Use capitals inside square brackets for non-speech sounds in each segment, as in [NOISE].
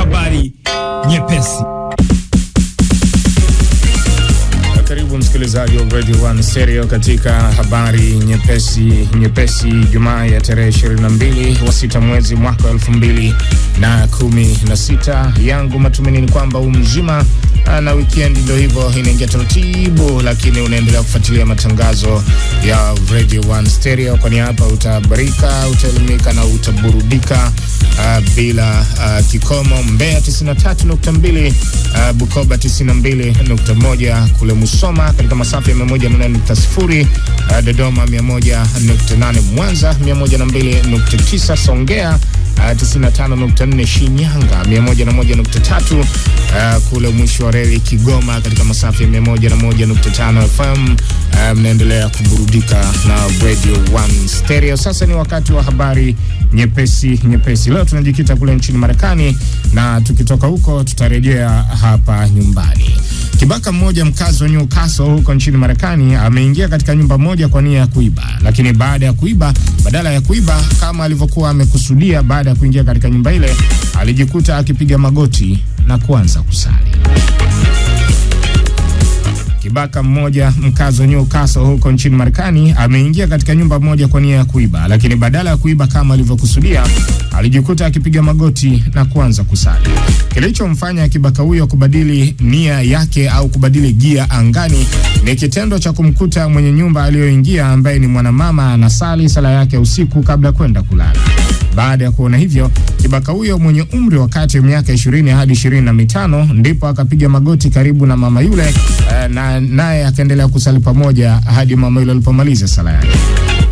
habari nyepesi. msikilizaji wa Radio One Stereo katika habari nyepesi nyepesi, Jumaa ya tarehe 22 wa sita mwezi mwaka wa sita. Yangu matumaini ni kwamba u mzima ah, na wikendi ndio hivyo inaingia taratibu, lakini unaendelea kufuatilia matangazo ya Radio One Stereo. Kwani hapa utabarika, utaelimika na utaburudika uh, bila uh, kikomo. Mbeya 93.2, uh, Bukoba 92.1, kule Musoma katika masafa ya 104.0, uh, eh, Dodoma 101.8, Mwanza 102.9, Songea uh, eh, 95.4, Shinyanga 101.3, uh, eh, kule mwisho wa reli Kigoma katika masafa ya 101.5 FM. Uh, mnaendelea kuburudika na Radio One Stereo. Sasa ni wakati wa habari nyepesi nyepesi. Leo tunajikita kule nchini Marekani na tukitoka huko tutarejea hapa nyumbani. Kibaka mmoja mkazi wa Newcastle huko nchini Marekani ameingia katika nyumba moja kwa nia ya kuiba, lakini baada ya kuiba, badala ya kuiba kama alivyokuwa amekusudia, baada ya kuingia katika nyumba ile alijikuta akipiga magoti na kuanza kusali. Kibaka mmoja mkazi wa Newcastle huko nchini Marekani ameingia katika nyumba moja kwa nia ya kuiba, lakini badala ya kuiba kama alivyokusudia, alijikuta akipiga magoti na kuanza kusali. Kilichomfanya kibaka huyo kubadili nia yake au kubadili gia angani ni kitendo cha kumkuta mwenye nyumba aliyoingia ambaye ni mwanamama anasali sala yake usiku kabla kwenda kulala. Baada ya kuona hivyo, kibaka huyo mwenye umri wa kati ya miaka 20 hadi 25 ndipo akapiga magoti karibu na mama yule eh, na naye akaendelea kusali pamoja hadi mama yule alipomaliza sala yake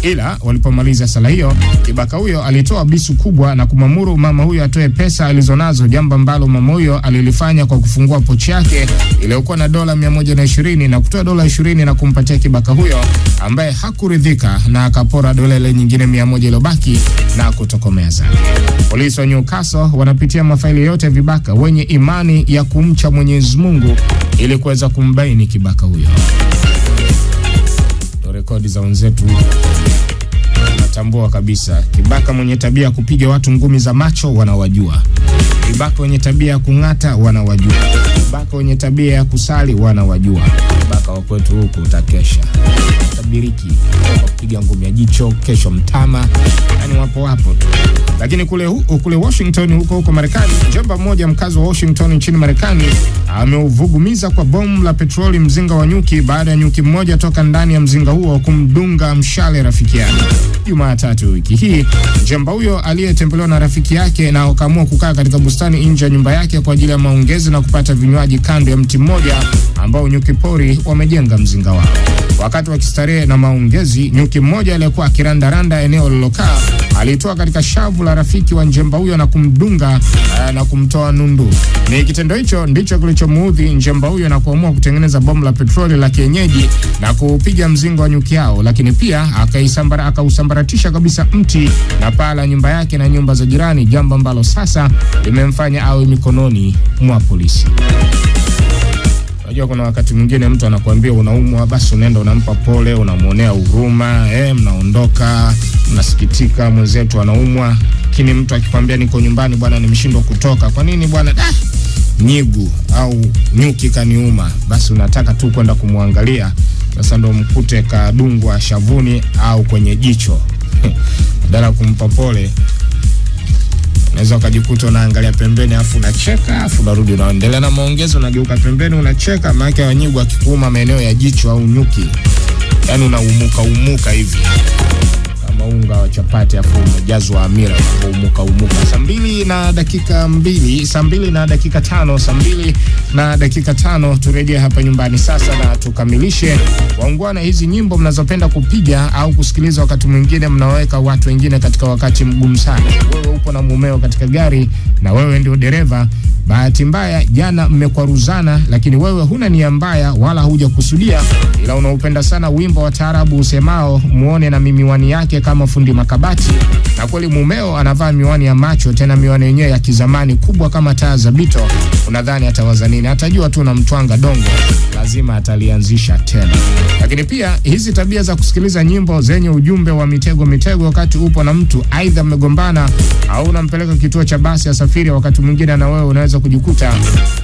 ila walipomaliza sala hiyo, kibaka huyo alitoa bisu kubwa na kumwamuru mama huyo atoe pesa alizonazo, jambo ambalo mama huyo alilifanya kwa kufungua pochi yake iliyokuwa na dola 120 na kutoa dola 20 na kumpatia kibaka huyo ambaye hakuridhika na akapora dola ile nyingine 100 iliyobaki na kutokomeza. Polisi wa Newcastle wanapitia mafaili yote ya vibaka wenye imani ya kumcha Mwenyezi Mungu ili kuweza kumbaini kibaka huyo. rekodi za wenzetu. anatambua kabisa. Kibaka mwenye tabia ya kupiga watu ngumi za macho wanawajua. Kibaka wenye tabia ya kung'ata wanawajua. Kibaka wenye tabia ya kusali wanawajua. Kibaka wa kwetu huku utakesha tabiriki kupiga ngumi ya jicho kesho mtama, yani wapo wapo tu. Lakini kule, hu, kule Washington huko huko Marekani, jomba mmoja mkazi wa Washington nchini Marekani ameuvugumiza kwa bomu la petroli mzinga wa nyuki baada ya nyuki mmoja toka ndani ya mzinga huo kumdunga mshale rafiki yake. Jumatatu wiki hii, jamba huyo aliyetembelewa na rafiki yake na akaamua kukaa katika bustani nje ya nyumba yake kwa ajili ya maongezi na kupata vinywaji kando ya mti mmoja ambao nyuki pori wamejenga mzinga wao. Wakati wa kistarehe na maongezi, nyuki mmoja aliyekuwa akirandaranda eneo lilokaa alitoa katika shavu la rafiki wa njemba huyo na kumdunga eh, na kumtoa nundu. Ni kitendo hicho ndicho kilichomuudhi njemba huyo na kuamua kutengeneza bomu la petroli la kienyeji na kuupiga mzingo wa nyuki hao, lakini pia akaisambara akausambaratisha kabisa mti na paa la nyumba yake na nyumba za jirani, jambo ambalo sasa limemfanya awe mikononi mwa polisi. Unajua kuna wakati mwingine mtu anakuambia unaumwa, basi unaenda unampa pole, unamwonea huruma eh, mnaondoka, mnasikitika, mwenzetu anaumwa. Lakini mtu akikwambia niko nyumbani bwana, nimeshindwa kutoka. Kwa nini bwana? Ah, nyigu au nyuki kaniuma. Basi unataka tu kwenda kumwangalia, sasa ndo mkute kadungwa shavuni au kwenye jicho [LAUGHS] badala kumpa pole unaweza ukajikuta unaangalia pembeni afu unacheka afu unarudi unaendelea na maongezi, unageuka pembeni unacheka, maana wanyigu akikuuma maeneo ya jicho au nyuki, yani unaumuka umuka hivi unga wa chapati afu umejazwa amira ukaumuka umuka. Saa mbili na dakika mbili, saa mbili na dakika tano, saa mbili na dakika tano, turejee hapa nyumbani sasa na tukamilishe waungwana, hizi nyimbo mnazopenda kupiga au kusikiliza, wakati mwingine mnaweka watu wengine katika wakati mgumu sana. Wewe upo na mumeo katika gari na wewe ndio dereva Bahati mbaya jana mmekwaruzana, lakini wewe huna nia mbaya wala hujakusudia, ila unaupenda sana wimbo wa taarabu usemao muone na mimiwani yake kama fundi makabati. Na kweli mumeo anavaa miwani ya macho, tena miwani yenyewe ya kizamani kubwa kama taa za bito. Unadhani atawaza nini? Atajua tu na mtwanga dongo, lazima atalianzisha tena. Lakini pia hizi tabia za kusikiliza nyimbo zenye ujumbe wa mitego mitego wakati upo na mtu, aidha mmegombana au unampeleka kituo cha basi asafiri, wakati mwingine na wewe unaweza unaweza kujikuta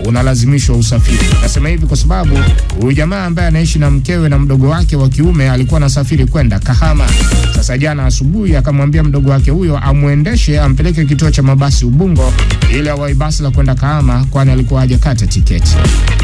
unalazimishwa usafiri. Nasema hivi kwa sababu huyu jamaa ambaye anaishi na mkewe na mdogo wake wa kiume alikuwa anasafiri kwenda Kahama. Sasa jana asubuhi akamwambia mdogo wake huyo amwendeshe ampeleke kituo cha mabasi Ubungo ili awahi basi la kwenda Kahama, kwani alikuwa hajakata tiketi.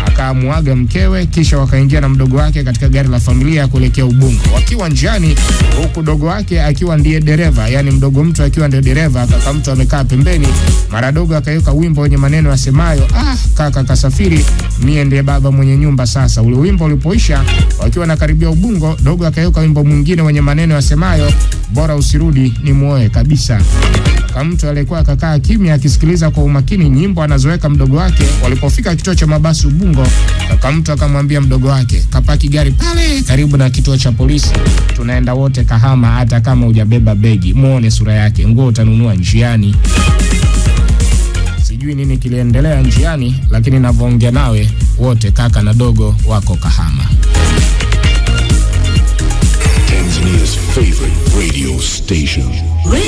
Akaamuaga mkewe, kisha wakaingia na mdogo wake katika gari la familia kuelekea Ubungo. Wakiwa njiani, huku dogo wake akiwa ndiye dereva, yani mdogo mtu akiwa ndiye dereva, kaka mtu amekaa pembeni, mara dogo akaweka wimbo wenye maneno ya asemayo ah, kaka kasafiri, mie ndiye baba mwenye nyumba sasa. Ule wimbo ulipoisha, wakiwa nakaribia Ubungo, dogo akaweka wimbo mwingine wenye maneno yasemayo bora usirudi ni muoe kabisa. Kama mtu aliyekuwa akakaa kimya akisikiliza kwa umakini nyimbo anazoweka mdogo wake. Walipofika kituo cha mabasi Ubungo, kaka mtu akamwambia mdogo wake, kapaki gari pale karibu na kituo cha polisi, tunaenda wote Kahama, hata kama hujabeba begi. Muone sura yake, nguo utanunua njiani sijui nini kiliendelea njiani, lakini navyoongea nawe wote kaka na dogo wako Kahama. Tanzania's favorite radio station. Radio.